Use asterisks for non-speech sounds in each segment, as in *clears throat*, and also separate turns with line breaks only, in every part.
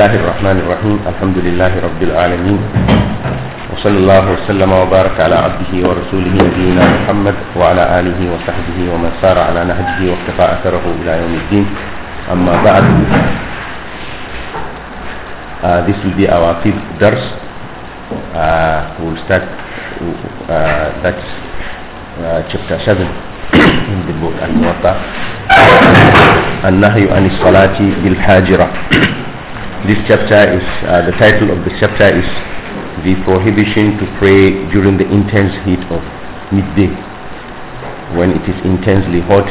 الله الرحمن الرحيم الحمد لله رب العالمين وصلى الله وسلم وبارك على عبده ورسوله نبينا محمد وعلى آله وصحبه ومن سار على نهجه واقتفى أثره إلى يوم الدين أما بعد uh, This will be our fifth درس uh, We'll start uh, that's uh, chapter 7 *coughs* in the book النهي عن الصلاة بالحاجرة This chapter is, uh, the title of the chapter is The Prohibition to Pray During the Intense Heat of Midday. When it is intensely hot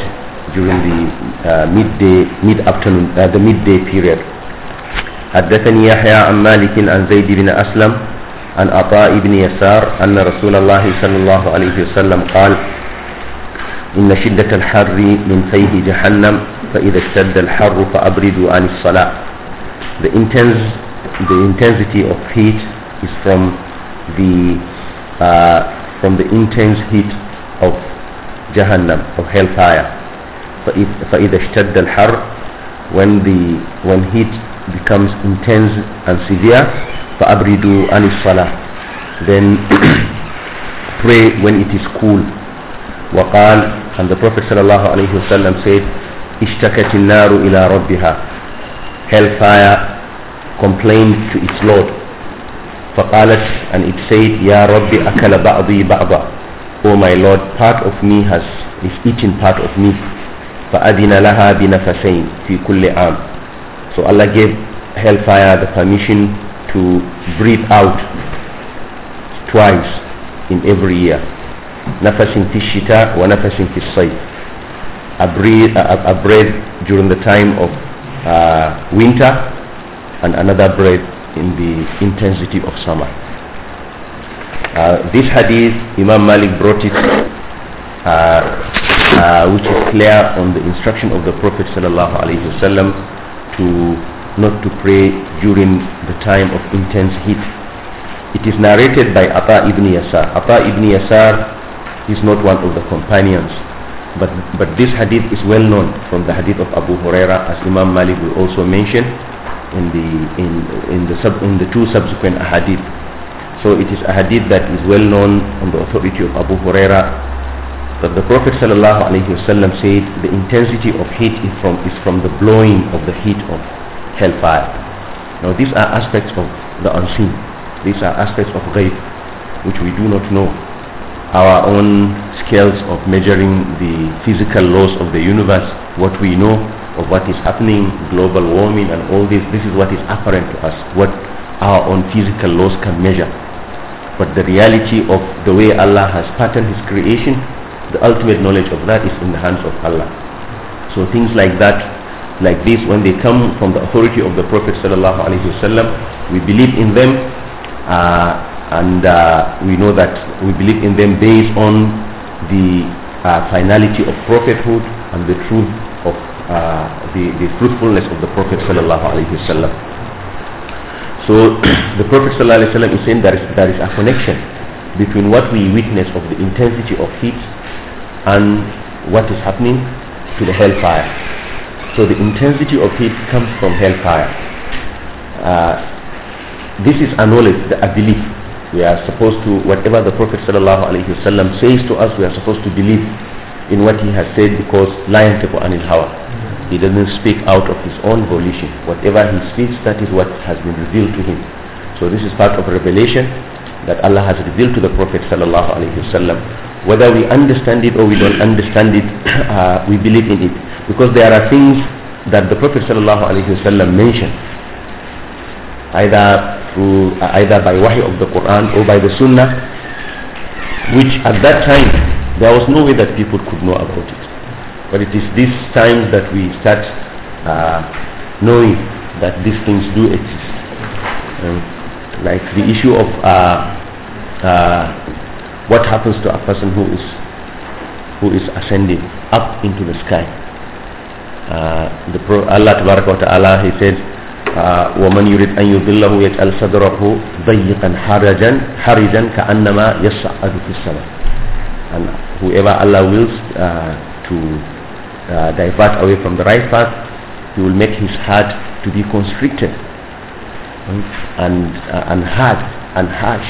during the uh, midday, mid-afternoon, uh, the midday period. حدثني يحيى عن مالك عن زيد بن أسلم عن عطاء بن يسار أن رسول الله صلى الله عليه وسلم قال إن شدة الحر من فيه جهنم فإذا اشتد الحر فأبردوا عن الصلاة the, intense, the intensity of heat is from the, uh, from the intense heat of Jahannam, of hellfire. فإذا اشتد الحر when the when heat becomes intense and severe فأبردوا عن الصلاة then *coughs* pray when it is cool وقال and the Prophet صلى الله عليه وسلم said اشتكت النار إلى ربها hellfire complained to its Lord فقالت and it said يا ربي أكل بعضي بعضا Oh my Lord part of me has is eaten part of me فأذن لها بنفسين في كل عام So Allah gave hellfire the permission to breathe out twice in every year نفس في الشتاء ونفس في الصيف a breath, a, a breath during the time of uh, winter and another breath in the intensity of summer. Uh, this hadith, Imam Malik brought it, uh, uh which is clear on the instruction of the Prophet sallallahu wasallam to not to pray during the time of intense heat. It is narrated by Atta ibn Yasar. Atta ibn Yasar is not one of the companions but, but this hadith is well known from the hadith of Abu Huraira as Imam Malik will also mention in the, in, in the, sub, in the two subsequent hadith. So it is a hadith that is well known on the authority of Abu Huraira that the Prophet sallallahu alaihi wasallam said the intensity of heat is from, is from the blowing of the heat of hellfire. Now these are aspects of the unseen. These are aspects of ghaib which we do not know. Our own scales of measuring the physical laws of the universe, what we know of what is happening, global warming and all this, this is what is apparent to us, what our own physical laws can measure. But the reality of the way Allah has patterned His creation, the ultimate knowledge of that is in the hands of Allah. So things like that, like this, when they come from the authority of the Prophet sallallahu alaihi wasallam, we believe in them, uh, and uh, we know that we believe in them based on the uh, finality of prophethood and the truth of uh, the, the fruitfulness of the Prophet sallallahu alaihi wasallam. So *clears throat* the Prophet sallallahu alaihi wasallam is saying there is, there is a connection between what we witness of the intensity of heat and what is happening to the hellfire. So the intensity of heat comes from hellfire. Uh, this is a knowledge, a belief we are supposed to, whatever the Prophet sallallahu alaihi wasallam says to us, we are supposed to believe in what he has said because lion tepo anil hawa. He doesn't speak out of his own volition. Whatever he speaks, that is what has been revealed to him. So this is part of revelation that Allah has revealed to the Prophet sallallahu alaihi wasallam. Whether we understand it or we don't understand it, *coughs* uh, we believe in it because there are things that the Prophet sallallahu alaihi wasallam mentioned, either through uh, either by wahi of the Quran or by the Sunnah, which at that time there was no way that people could know about it. But it is this time that we start uh, knowing that these things do exist. Um, like the issue of uh, uh, what happens to a person who is who is ascending up into the sky. Uh, the Pro- Allah Ta'ala, He said, uh, ومن يريد أن يضله يجعل صدره ضيقا حرجا حرجا كأنما يصعد في السماء and whoever Allah wills uh, to uh, divert away from the right path he will make his heart to be constricted and uh, and hard and harsh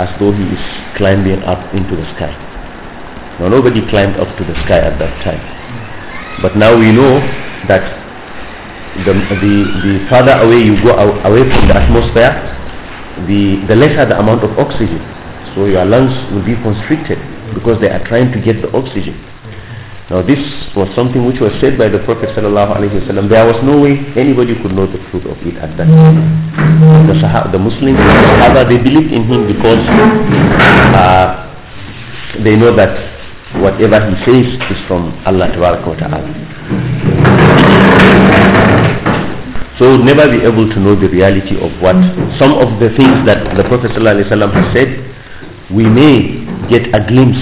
as though he is climbing up into the sky now nobody climbed up to the sky at that time but now we know that the, the, the further away you go away from the atmosphere, the, the lesser the amount of oxygen. So your lungs will be constricted because they are trying to get the oxygen. Now this was something which was said by the Prophet sallallahu alaihi wasallam. There was no way anybody could know the truth of it at that time. The, the Muslims, the Sahaba, they believed in him because uh, they know that whatever he says is from Allah Ta'ala. So we'll never be able to know the reality of what some of the things that the Prophet has said, we may get a glimpse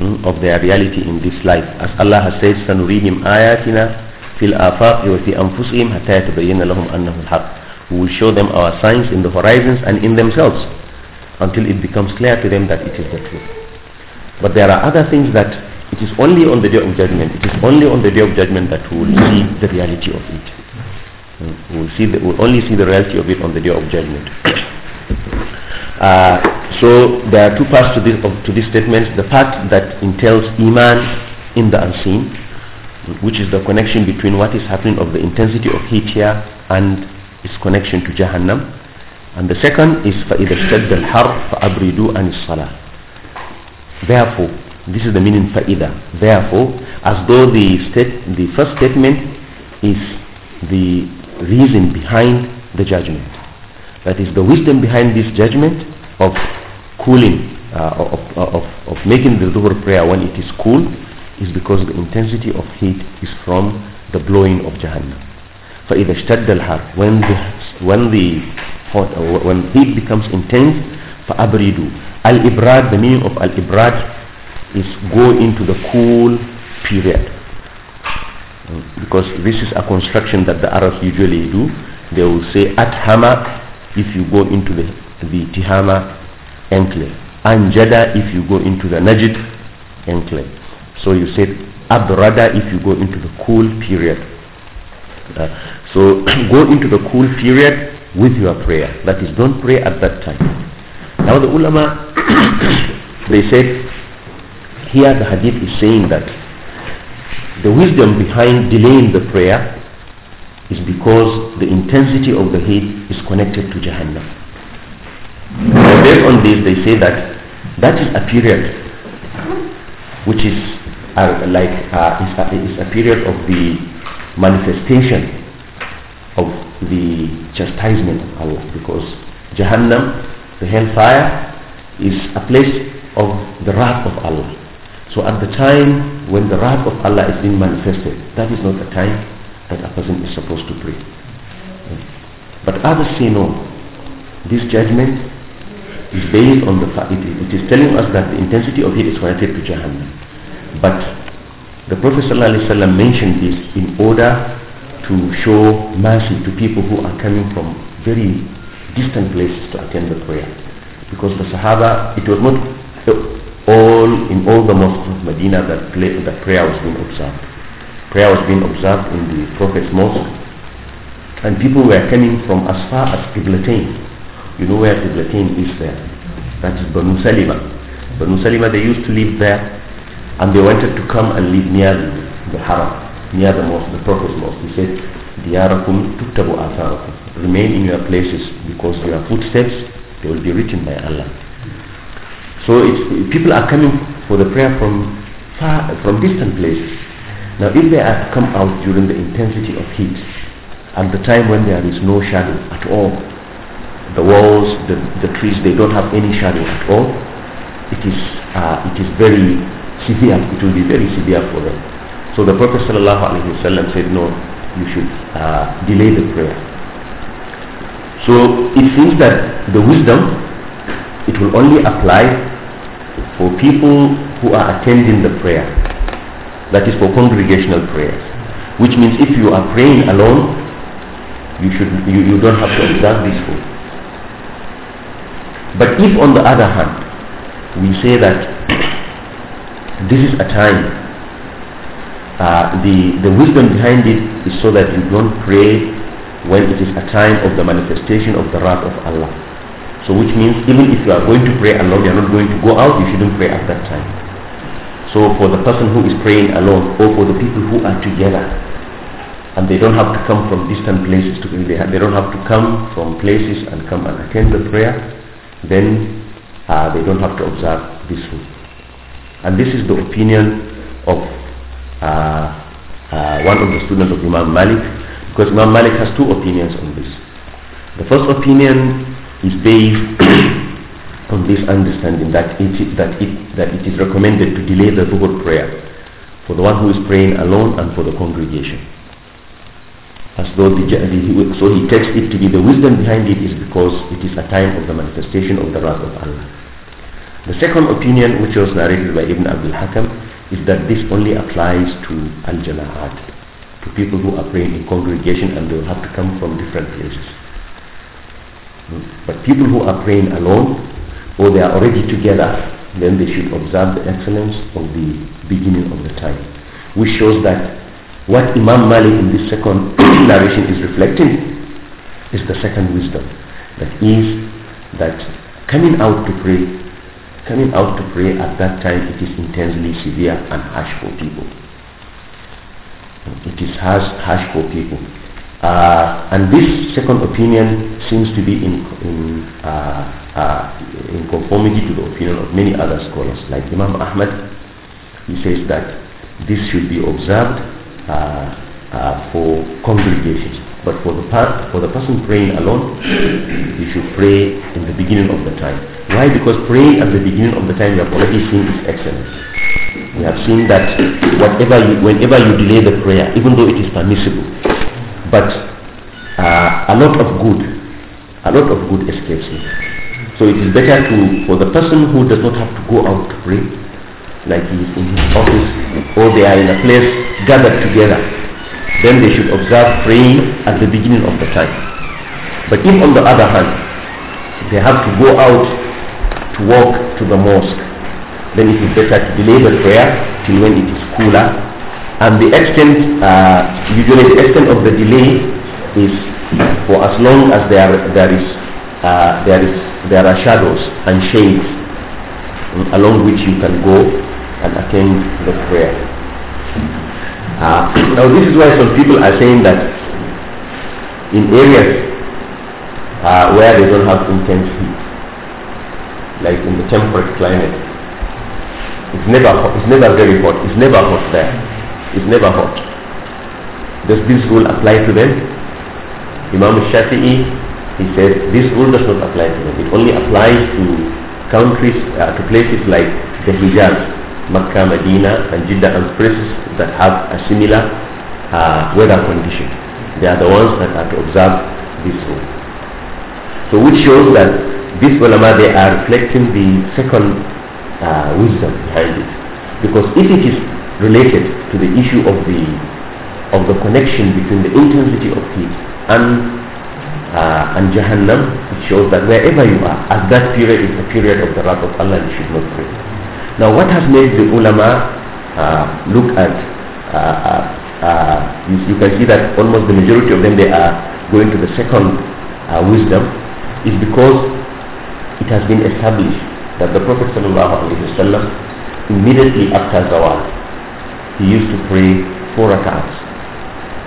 mm, of their reality in this life. As Allah has said, We will show them our signs in the horizons and in themselves until it becomes clear to them that it is the truth. But there are other things that it is only on the day of judgment, it is only on the day of judgment that we will see the reality of it. We'll, see we'll only see the reality of it on the day of judgment. uh, so there are two parts to this, to this statement. The part that entails Iman in the unseen, which is the connection between what is happening of the intensity of heat here and its connection to Jahannam. And the second is فَإِذَا اشْتَدَّ الْحَرْ فَأَبْرِدُوا عَنِ الصَّلَاةِ Therefore, this is the meaning فَإِذَا Therefore, as though the, state, the first statement is the reason behind the judgment. That is the wisdom behind this judgment of cooling, uh, of, uh, of, of making the Dhuhr prayer when it is cool, is because the intensity of heat is from the blowing of Jahannam. فإذا اشتد الحر when the, when the hot, uh, when heat becomes intense فأبردوا Al-Ibrad the meaning of Al-Ibrad is go into the cool period because this is a construction that the Arabs usually do. They will say at Hama if you go into the, the Tihama enclave, Anjada if you go into the Najd enclave. So you said Abrada if you go into the cool period. Uh, so *clears throat* go into the cool period with your prayer. That is, don't pray at that time. Now the ulama, *clears throat* they said, here the hadith is saying that the wisdom behind delaying the prayer is because the intensity of the heat is connected to Jahannam. And based on this, they say that that is a period which is uh, like uh, is, a, uh, is a period of the manifestation of the chastisement of Allah because Jahannam, the hellfire, is a place of the wrath of Allah. So at the time when the wrath of Allah is being manifested, that is not the time that a person is supposed to pray. But others say no. This judgment is based on the fact, it is telling us that the intensity of it is related connected to Jahannam. But the Prophet ﷺ mentioned this in order to show mercy to people who are coming from very distant places to attend the prayer. Because the Sahaba, it was not all in all the mosques of Medina that, that prayer was being observed. Prayer was being observed in the Prophet's mosque and people were coming from as far as Qiblatain. You know where Qiblatain is there? That is Banu Salima. Banu Salima they used to live there and they wanted to come and live near the, the Haram, near the mosque, the Prophet's mosque. He said, Diyarakum tuktabu atharakum. Remain in your places because your footsteps they will be written by Allah. So it's, people are coming for the prayer from far, from distant places. Now if they have come out during the intensity of heat and the time when there is no shadow at all, the walls, the, the trees, they don't have any shadow at all, it is, uh, it is very severe. It will be very severe for them. So the Prophet ﷺ said, no, you should uh, delay the prayer. So it seems that the wisdom, it will only apply for people who are attending the prayer. That is for congregational prayers. Which means if you are praying alone, you, should, you, you don't have to observe these four. But if on the other hand, we say that *coughs* this is a time, uh, the, the wisdom behind it is so that you don't pray when it is a time of the manifestation of the wrath of Allah so which means even if you are going to pray alone, you are not going to go out, you shouldn't pray at that time. So for the person who is praying alone or for the people who are together and they don't have to come from distant places to they, they don't have to come from places and come and attend the prayer, then uh, they don't have to observe this rule. And this is the opinion of uh, uh, one of the students of Imam Malik because Imam Malik has two opinions on this. The first opinion is based *clears throat* on this understanding that it, that, it, that it is recommended to delay the Dhuhr prayer for the one who is praying alone and for the congregation. As though the, the, so he takes it to be the wisdom behind it is because it is a time of the manifestation of the wrath of Allah. The second opinion which was narrated by Ibn Abdul Hakam is that this only applies to al-jama'at, to people who are praying in congregation and they will have to come from different places. But people who are praying alone or they are already together, then they should observe the excellence of the beginning of the time. Which shows that what Imam Malik in this second *coughs* narration is reflecting is the second wisdom. That is that coming out to pray, coming out to pray at that time it is intensely severe and harsh for people. It is harsh, harsh for people. Uh, and this second opinion seems to be in, in, uh, uh, in conformity to the opinion of many other scholars, like Imam Ahmad. He says that this should be observed uh, for congregations, but for the, part, for the person praying alone, he should pray in the beginning of the time. Why? Because praying at the beginning of the time, we have already seen its excellence. We have seen that whatever you, whenever you delay the prayer, even though it is permissible, but uh, a lot of good, a lot of good escapes him. So it is better to, for the person who does not have to go out to pray, like he is in his office, or they are in a place gathered together, then they should observe praying at the beginning of the time. But if on the other hand, they have to go out to walk to the mosque, then it is better to delay the prayer till when it is cooler and the extent uh, usually the extent of the delay is for as long as there there is uh, there is there are shadows and shades along which you can go and attend the prayer. Uh, now this is why some people are saying that in areas uh, where they don't have intense heat, like in the temperate climate, it's never it's never very hot, it's never hot there is never hot. Does this rule apply to them? Imam Shafi'i, he said, this rule does not apply to them. It only applies to countries, uh, to places like the Hijaz, Makkah, Medina, and Jeddah and places that have a similar uh, weather condition. They are the ones that are to observe this rule. So which shows that these ulama, they are reflecting the second uh, wisdom behind it. Because if it is related to the issue of the of the connection between the intensity of heat and uh, and Jahannam, it shows that wherever you are, at that period is the period of the wrath of Allah, you should not pray. Now, what has made the ulama uh, look at? Uh, uh, uh you, you, can see that almost the majority of them they are going to the second uh, wisdom, is because it has been established that the Prophet ﷺ immediately after Zawal he used to pray four rakats.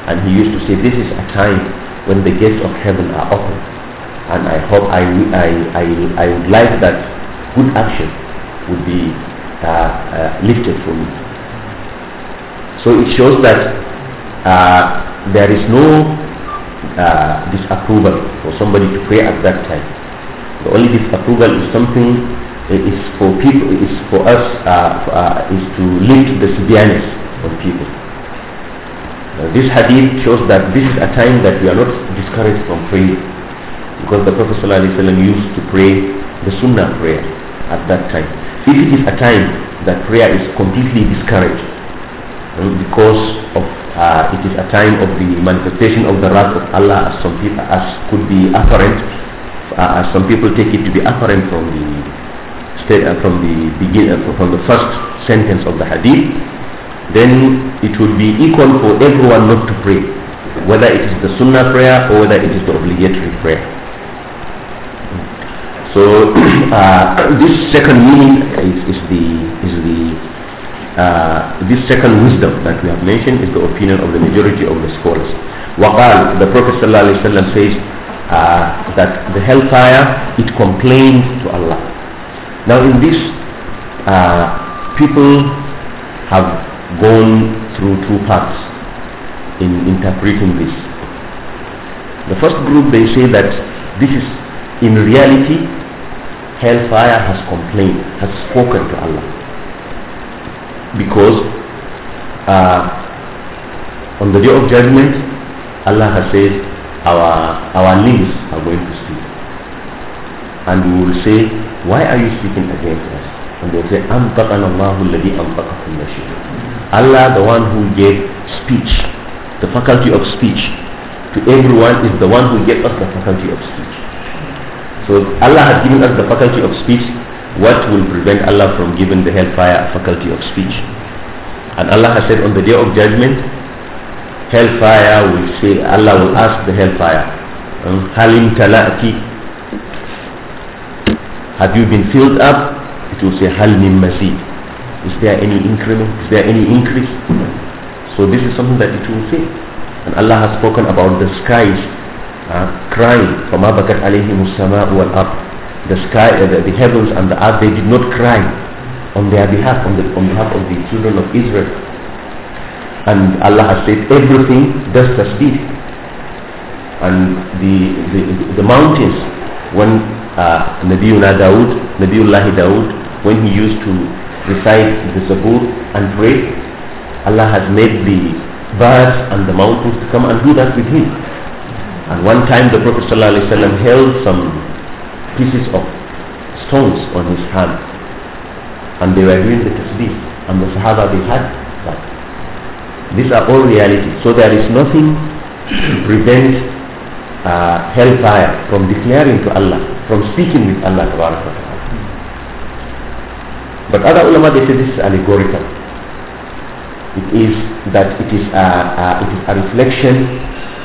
And he used to say, this is a time when the gates of heaven are open. And I hope, I, I, I, I would like that good action would be uh, uh, lifted from me. So it shows that uh, there is no uh, disapproval for somebody to pray at that time. The only disapproval is something is for people, is for us, uh, for, uh, is to lift the severeness of people. Uh, this hadith shows that this is a time that we are not discouraged from praying. Because the Prophet ﷺ used to pray the Sunnah prayer at that time. If it is a time that prayer is completely discouraged uh, because of uh, it is a time of the manifestation of the wrath of Allah as some people as could be apparent uh, as some people take it to be apparent from the state, uh, from the begin, uh, from the first sentence of the hadith, then it would be equal for everyone not to pray, whether it is the sunnah prayer or whether it is the obligatory prayer. So *clears throat* uh, this second meaning is, is the is the uh, this second wisdom that we have mentioned is the opinion of the majority of the scholars. Waqal, the Prophet says uh, that the hellfire, it complains to Allah. Now in this, uh, people have gone through two paths in interpreting this. The first group they say that this is in reality hellfire has complained, has spoken to Allah. Because uh, on the day of judgment, Allah has said our, our limbs are going to speak. And we will say why are you speaking against us? And they say, أَنْطَقَنَ اللَّهُ ladi أَنْطَقَ كُلَّ Allah, the one who gave speech, the faculty of speech, to everyone is the one who gave us the faculty of speech. So Allah has given us the faculty of speech. What will prevent Allah from giving the hellfire a faculty of speech? And Allah has said on the day of judgment, hellfire will say, Allah will ask the hellfire, hmm? Halim talaki have you been filled up? It will say, Hal min masid. Is there any increment? Is there any increase? So this is something that it will say. And Allah has spoken about the skies uh, crying. فَمَا alayhim السَّمَاءُ وَالْأَرْضِ The sky, uh, the, the heavens and the earth, they did not cry on their behalf, on, the, on behalf of the children of Israel. And Allah has said, everything does tasbih. And the, the, the mountains, when uh, Nabiullah Dawood, Nabiullah when he used to recite the Zabur and pray, Allah has made the birds and the mountains to come and do that with him. And one time the Prophet ﷺ held some pieces of stones on his hand and they were doing the tasbih and the Sahaba they had that. These are all realities. So there is nothing to *coughs* prevent uh, hellfire from declaring to Allah, from speaking with Allah. But other ulama they say this is allegorical. It is that it is a, uh, a uh, it is a reflection.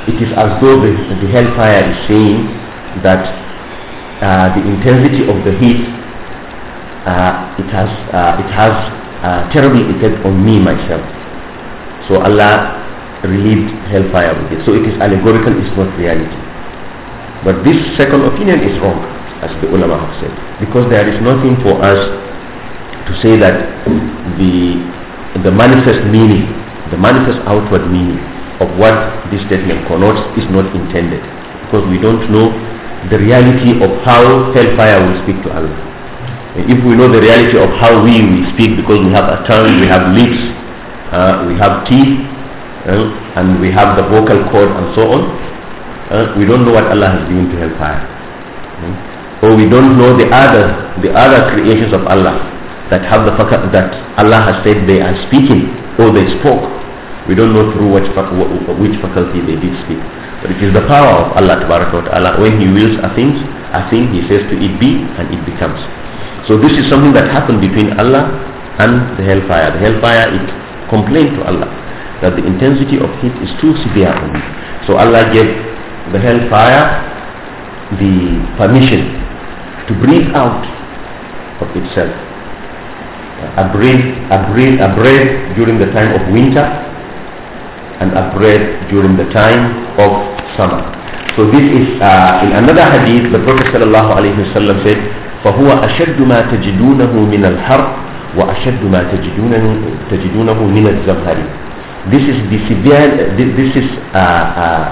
It is as though the, the hellfire is saying that uh, the intensity of the heat uh, it has uh, it has a terrible effect on me myself. So Allah relieved hellfire with it. So it is allegorical, it's not reality. But this second opinion is wrong, as the ulama have said, because there is nothing for us to say that the, the manifest meaning, the manifest outward meaning of what this statement connotes is not intended, because we don't know the reality of how hellfire will speak to Allah. And if we know the reality of how we will speak, because we have a tongue, we have lips, uh, we have teeth, uh, and we have the vocal cord and so on, uh, we don't know what Allah has given to hellfire. Hmm? Uh, or we don't know the other, the other creations of Allah that have the fakat that Allah has said they are speaking or they spoke. We don't know through which, which faculty they did speak. But it is the power of Allah Ta'ala. When He wills a thing, a thing He says to it be and it becomes. So this is something that happened between Allah and the hellfire. The hellfire, it complained to Allah that the intensity of heat is too severe for me. So Allah gave the hellfire the permission to breathe out of itself. A breath, a breath, a breath during the time of winter and a breath during the time of summer. So this is uh, in another hadith the Prophet sallallahu alaihi wasallam said فهو أشد ما تجدونه من الحر وأشد ما تجدونه, تجدونه من الزمهري this is the severe, uh, this is, uh, uh,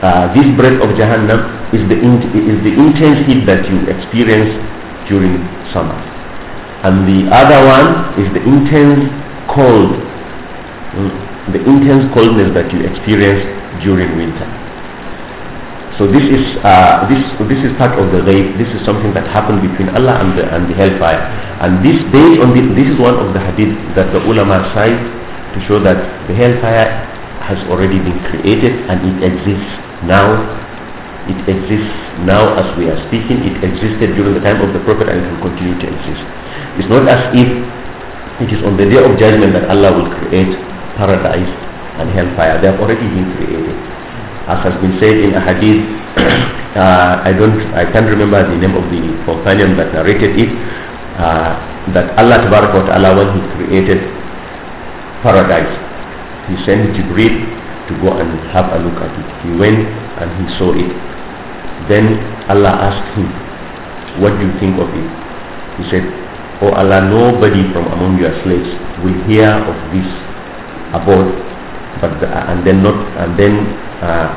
uh, this breath of Jahannam is the, is the intense heat that you experience during summer. And the other one is the intense cold, mm, the intense coldness that you experience during winter. So this is uh, this this is part of the ghaib. This is something that happened between Allah and the and the hellfire. And this based on this, this is one of the hadith that the ulama cite to show that the hellfire has already been created and it exists now. It exists now as we are speaking. It existed during the time of the Prophet and it will continue to exist. It's not as if it is on the day of judgment that Allah will create paradise and hellfire. They have already been created. As has been said in a hadith, *coughs* uh, I don't, I can't remember the name of the companion that narrated it, uh, that Allah Ta'ala when He created paradise. He sent Jibril to go and have a look at it. He went and he saw it. Then Allah asked him, what do you think of it? He said, Oh Allah, nobody from among your slaves will hear of this abode, but the, and then not and then uh,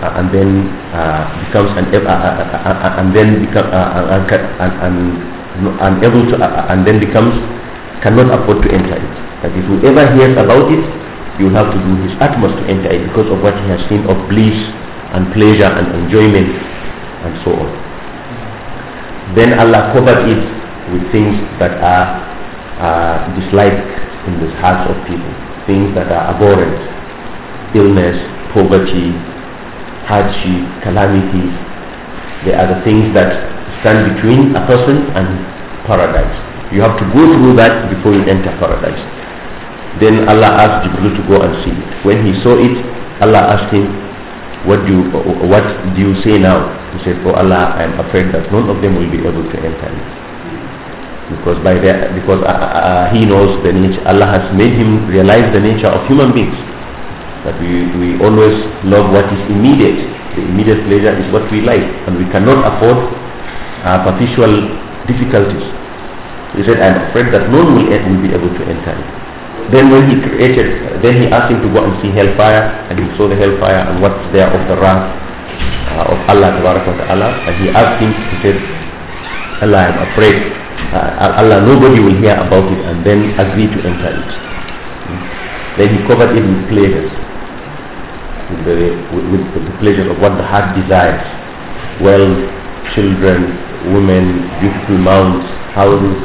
uh and then uh, becomes an uh, uh, uh, and then become and, and, and, and to and then becomes cannot afford to enter it. if whoever hears about it, you have to do his utmost to enter it because of what he has seen of bliss and pleasure and enjoyment and so on. Then Allah covered it with things that are uh, disliked in the hearts of people, things that are abhorrent, illness, poverty, hardship, calamities. They are the things that stand between a person and paradise. You have to go through that before you enter paradise. Then Allah asked Jibril to go and see it. When he saw it, Allah asked him, what do you, what do you say now? He said, oh Allah, I am afraid that none of them will be able to enter it. Because, by their, because uh, uh, uh, he knows the nature, Allah has made him realize the nature of human beings. That we, we always love what is immediate. The immediate pleasure is what we like. And we cannot afford uh, perpetual difficulties. He said, I'm afraid that none will, will be able to enter it. Then when he created, then he asked him to go and see hellfire, and he saw the hellfire and what's there of the wrath uh, of Allah Ta'ala. And he asked him, he said, Allah, I'm afraid. Uh, Allah, nobody will hear about it, and then agree to enter it. Then he covered it with pleasures, with the, with, with the pleasures of what the heart desires. Wealth, children, women, beautiful mounts, houses,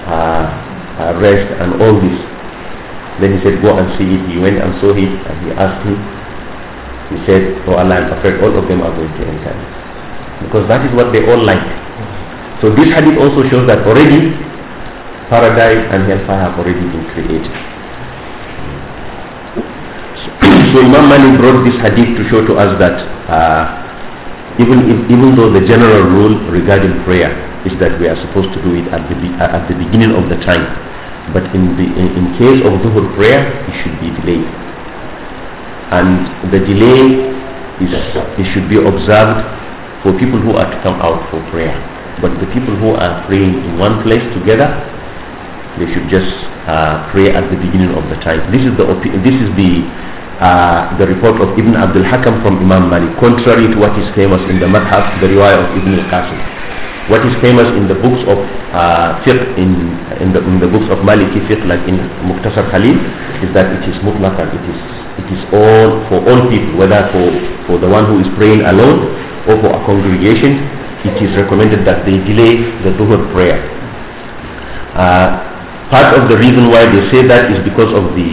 her, uh, uh, rest and all this. Then he said, go and see it. He went and saw it and he asked him. He said, oh Allah, I'm afraid all of them are going to enter. Because that is what they all like. So this hadith also shows that already paradise and hellfire have already been created. So Imam Malik brought this hadith to show to us that uh, even, if, even though the general rule regarding prayer is that we are supposed to do it at the, uh, at the beginning of the time. But in, the, in, in case of Dhuhr prayer, it should be delayed. And the delay is, it should be observed for people who are to come out for prayer. But the people who are praying in one place together, they should just uh, pray at the beginning of the time. This is the, this is the, uh, the report of Ibn Abdul Hakam from Imam Malik, contrary to what is famous in the Madhab, the riwayah of Ibn al-Qasim what is famous in the books of uh, fiqh, in, in, the, in the books of Maliki fiqh, like in Muqtasar Khalil, is that it is mutlaqan, it is, it is all for all people, whether for, for the one who is praying alone or for a congregation, it is recommended that they delay the Duhur prayer. Uh, part of the reason why they say that is because of the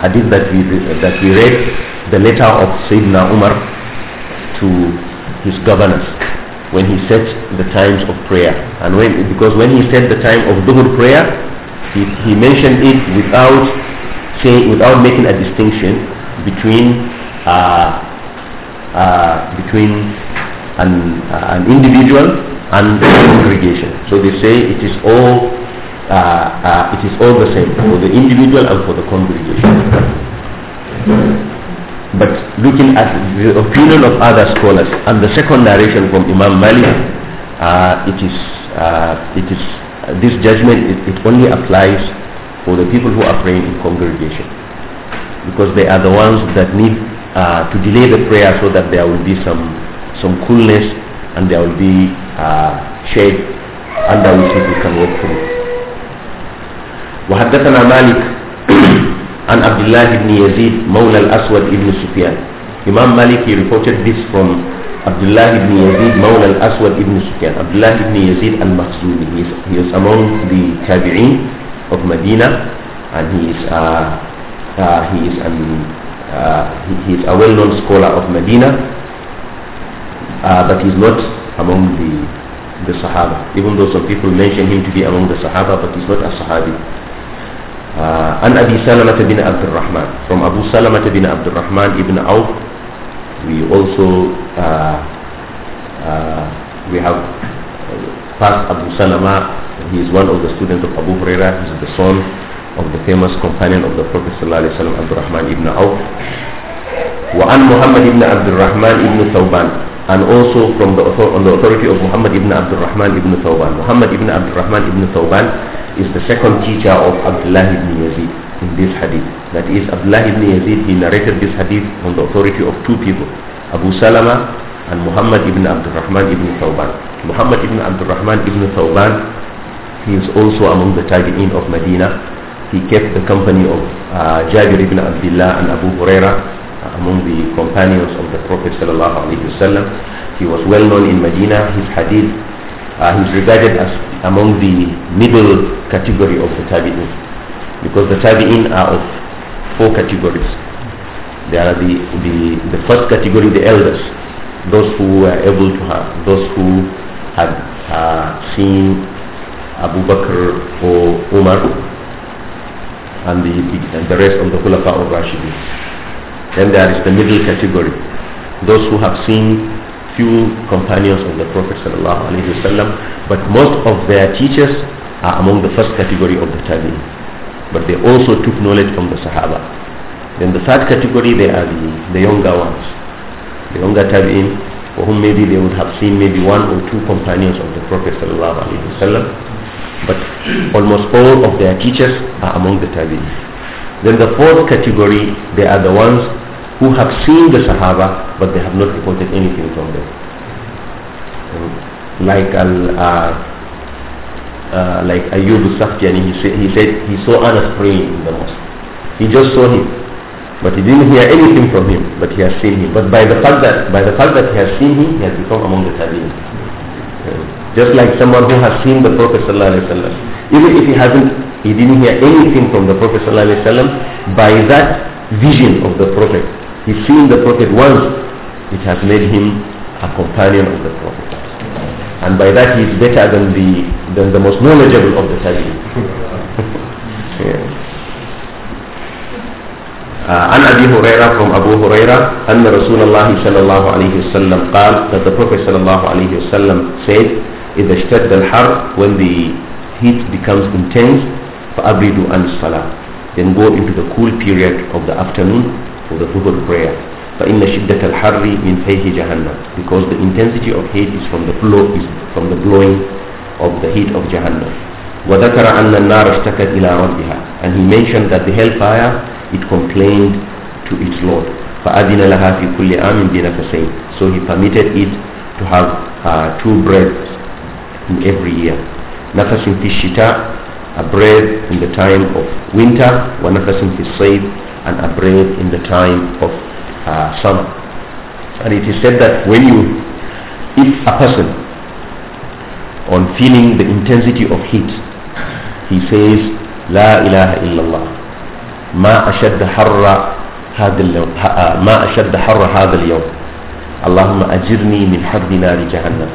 hadith that we, that we read, the letter of Sayyidina Umar to his governors when he set the times of prayer. And when, because when he set the time of duhur prayer, he, he mentioned it without, say, without making a distinction between, uh, uh, between an, uh, an individual and the congregation. So they say it is all, uh, uh, it is all the same for the individual and for the congregation but looking at the opinion of other scholars and the second narration from Imam Malik, uh, it is, uh, it is uh, this judgment it, it, only applies for the people who are praying in congregation because they are the ones that need uh, to delay the prayer so that there will be some some coolness and there will be uh, shade under which people can walk through. وحدثنا مالك عن عبد الله بن يزيد مولى الأسود بن سفيان Imam Malik reported this from Abdullah ibn Yazid مولى الأسود ibn Sufyan Abdullah ibn Yazid al-Makhzumi he, he is among the Tabi'in of Medina and he is uh, uh, he is an uh, he, he is a well-known scholar of Medina uh, but he is not among the the Sahaba even though some people mention him to be among the Sahaba but he is not a Sahabi uh, an Abi Salamah bin Abdul Rahman from Abu Salamah bin Abdul Rahman ibn Auf we also uh, uh, we have uh, passed Abu Salamah he is one of the students of Abu Huraira he is the son of the famous companion of the Prophet sallallahu alaihi wasallam Abdul Rahman ibn Auf وعن محمد بن عبد الرحمن بن ثوبان and also from the, on the authority of Muhammad ibn Abdul Rahman ibn Thawban. Muhammad ibn Abdul Rahman ibn Thawban is the second teacher of Abdullah ibn Yazid in this hadith. That is, Abdullah ibn Yazid, he narrated this hadith on the authority of two people, Abu Salama and Muhammad ibn Abdul Rahman ibn Thawban. Muhammad ibn Abdul Rahman ibn Thawban, he is also among the tabi'in of Medina. He kept the company of uh, Jabir ibn Abdullah and Abu Huraira among the companions of the Prophet sallallahu alaihi wasallam. He was well known in Medina. His hadith, uh, he's regarded as among the middle category of the tabi'in, because the tabi'in are of four categories. They are the, the, the first category, the elders, those who were able to have, those who had uh, seen Abu Bakr or Umar and the, the rest of the Khulafa of Rashidin. Then there is the middle category. Those who have seen few companions of the Prophet ﷺ, but most of their teachers are among the first category of the Tabi'in. But they also took knowledge from the Sahaba. Then the third category, they are the, the younger ones. The younger Tabi'in, for whom maybe they would have seen maybe one or two companions of the Prophet ﷺ, but almost all of their teachers are among the Tabi'in. Then the fourth category, they are the ones who have seen the Sahaba but they have not reported anything from them. Like al, uh, uh, like Ayub al-Safjani, he, say, he said he saw Anas praying in the mosque. He just saw him, but he didn't hear anything from him. But he has seen him. But by the fact that by the fact that he has seen him, he has become among the tabi'in. Just like someone who has seen the Prophet sallallahu alaihi wasallam, even if he hasn't, he didn't hear anything from the Prophet sallallahu alaihi wasallam. By that vision of the Prophet, He's seen the Prophet once. It has made him a companion of the Prophet. And by that he is better than the, than the most knowledgeable of the tabi'in. *laughs* yeah. عن أبي هريرة from أبو هريرة أن رسول الله صلى الله عليه وسلم قال that the Prophet صلى الله عليه وسلم said إذا اشتد الحر when the heat becomes intense فأبردوا عن الصلاة then go into the cool period of the afternoon for the Dhuhr prayer. فَإِنَّ شِدَّةَ الْحَرِّ مِنْ فَيْهِ جَهَنَّمْ Because the intensity of heat is from the blow, is from the blowing of the heat of Jahannam. وَذَكَرَ أَنَّ النَّارَ اشْتَكَتْ إِلَىٰ رَبِّهَا And he mentioned that the hellfire, it complained to its Lord. فَأَذِنَ لَهَا فِي كُلِّ عَامٍ بِنَفَسَيْنِ So he permitted it to have uh, two breaths in every year. نَفَسٌ فِي الشِّتَاءِ A breath in the time of winter. وَنَفَسٌ فِي الصَّيْدِ and brave in the time of uh, summer. And it is said that when you, if a person on feeling the intensity of heat, he says, "La ilaha illallah, ma ashad أشد حر هذا اليوم ما أشد حر هذا اليوم اللهم أجرني من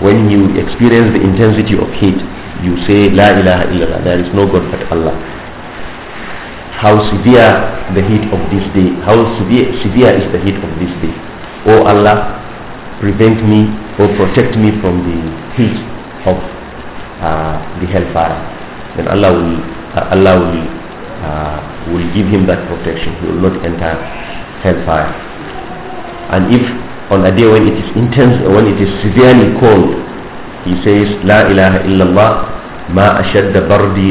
When you experience the intensity of heat, you say, La ilaha illallah, there is no God but Allah how severe the heat of this day, how severe, severe is the heat of this day. O Allah, prevent me or protect me from the heat of uh, the hellfire. Then Allah will, uh, Allah will, uh, will give him that protection. He will not enter hellfire. And if on a day when it is intense, when it is severely cold, he says, لا إله إلا الله ما أشد بردي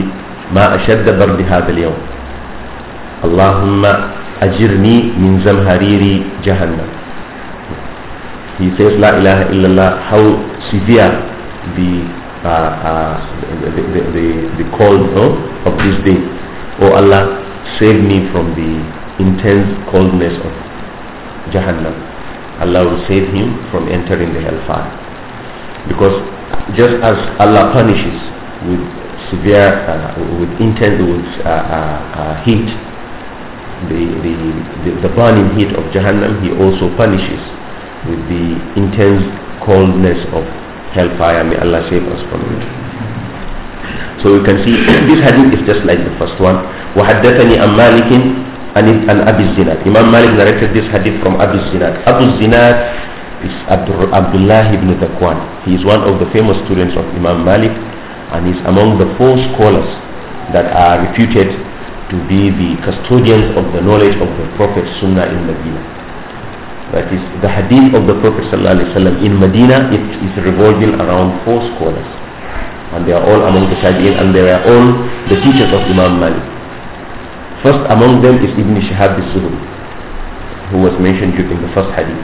ما أشد برد هذا اليوم Allahumma ajirni min zamhariri jahannam. he says la ilaha illallah how severe the uh, uh, the, the, the, the cold no, of this day oh Allah save me from the intense coldness of Jahannam Allah will save him from entering the hellfire because just as Allah punishes with severe uh, with intense with uh, uh, uh, heat the, the, the, the burning heat of Jahannam, he also punishes with the intense coldness of hellfire. May Allah save us from it. So you can see *coughs* this hadith is just like the first one. وحدثني عن مالك عن أبي الزناد. Imam Malik narrated this hadith from Abu Zinad. Abu Zinad is Abdullah ibn Zakwan. He is one of the famous students of Imam Malik and is among the four scholars that are reputed to be the custodians of the knowledge of the Prophet Sunnah in Medina. That is, the hadith of the Prophet in Medina it is revolving around four scholars. And they are all among the Tabi'in and they are all the teachers of Imam Malik. First among them is Ibn Shihab al-Zuhri, who was mentioned during the first hadith.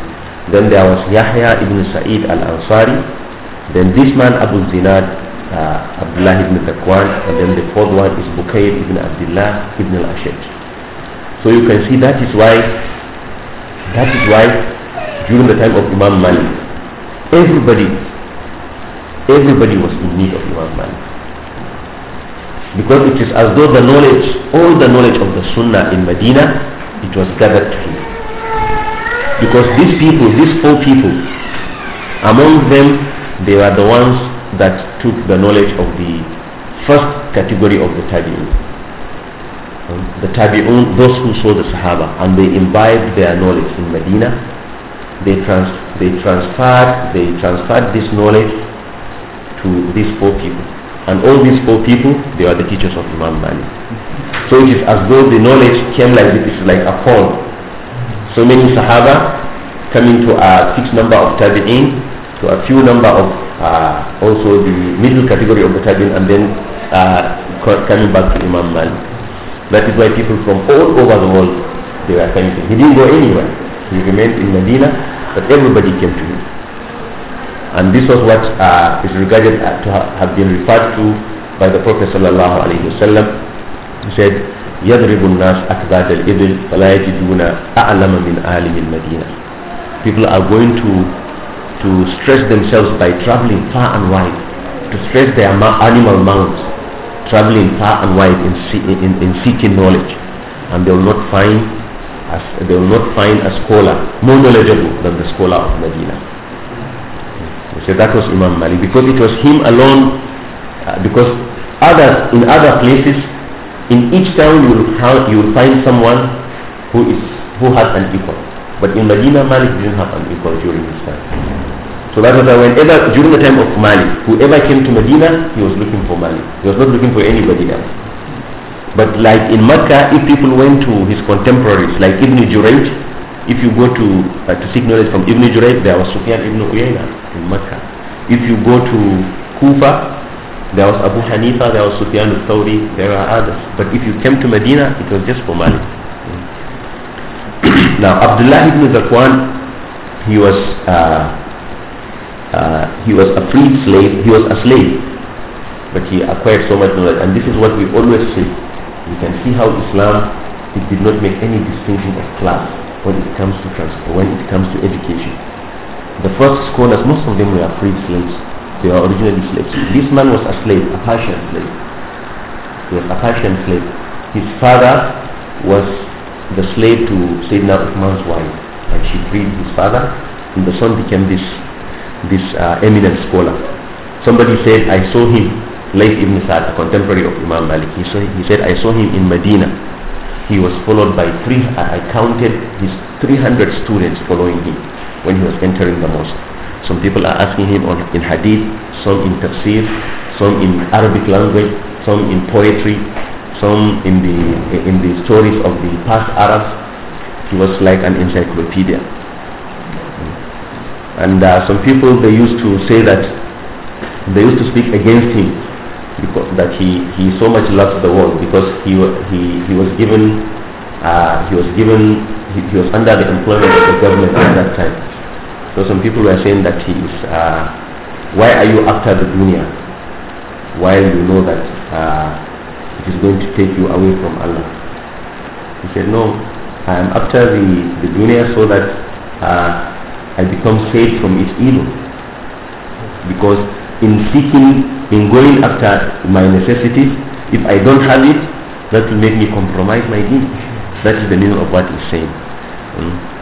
Then there was Yahya ibn Sa'id al-Ansari. Then this man Abu Zinad uh, Abdullah ibn and then the fourth one is Bukayr ibn Abdullah ibn al-Ashaj so you can see that is why that is why during the time of Imam Malik everybody everybody was in need of Imam Malik because it is as though the knowledge all the knowledge of the Sunnah in Medina it was gathered to him because these people these four people among them they were the ones that took the knowledge of the first category of the Tabi'un. Um, the Tabi'un, those who saw the Sahaba and they imbibed their knowledge in Medina, they, trans they, transferred, they transferred this knowledge to these four people. And all these four people, they are the teachers of Imam Malik. So it is as though the knowledge came like this, like a call. So many Sahaba coming to a fixed number of Tabi'in, to a few number of uh, also the middle category of the tabi'in and then uh, coming back to Imam Malik. That is why people from all over the world, they were coming to him. He didn't go anywhere. He remained in Medina, but everybody came to him. And this was what uh, is regarded uh, to have been referred to by the Prophet sallallahu alaihi wasallam. He said, يضرب الناس أكباد الإبل فلا يجدون أعلم من عالم المدينة. People are going to to stress themselves by traveling far and wide, to stress their animal mounts, traveling far and wide in, in, in seeking knowledge. And they will not find as, they will not find a scholar more knowledgeable than the scholar of Medina. So that was Imam Malik because it was him alone. Uh, because others in other places, in each town you will, you will find someone who is who has an equal. But in Medina, Malik didn't have an equal during his time. So that was why whenever, during the time of Malik, whoever came to Medina, he was looking for Malik. He was not looking for anybody else. But like in Mecca, if people went to his contemporaries, like Ibn Jurayj, if you go to, uh, to seek knowledge from Ibn Jurayj, there was Sufyan ibn Uyayna in Mecca. If you go to Kufa, there was Abu Hanifa, there was Sufyan al-Thawri, there are others. But if you came to Medina, it was just for Malik. *coughs* now Abdullah ibn Zakwan, he was uh, uh, he was a freed slave. He was a slave, but he acquired so much knowledge. And this is what we always say. You can see how Islam it did not make any distinction of class when it comes to transport, when it comes to education. The first scholars, most of them were freed slaves. They were originally slaves. This man was a slave, a Persian slave. He was a Persian slave. His father was the slave to Sayyidina Uthman's wife and she freed his father and the son became this this uh, eminent scholar. Somebody said, I saw him, late Ibn Sa'd, a contemporary of Imam Malik. He, saw, he said, I saw him in Medina. He was followed by three, I counted his 300 students following him when he was entering the mosque. Some people are asking him on, in hadith, some in tafsir, some in Arabic language, some in poetry, some in the in the stories of the past Arabs, he was like an encyclopedia. And uh, some people they used to say that they used to speak against him because that he, he so much loved the world because he he he was given uh, he was given he, he, was under the employment of the government at that time. So some people were saying that he is uh, why are you after the dunya while you know that uh, it is going to take you away from Allah. He said, no, I am after the, the dunya so that uh, I become saved from its evil. Because in seeking, in going after my necessities, if I don't have it, that will make me compromise my deen. That is the meaning of what he's saying. Mm.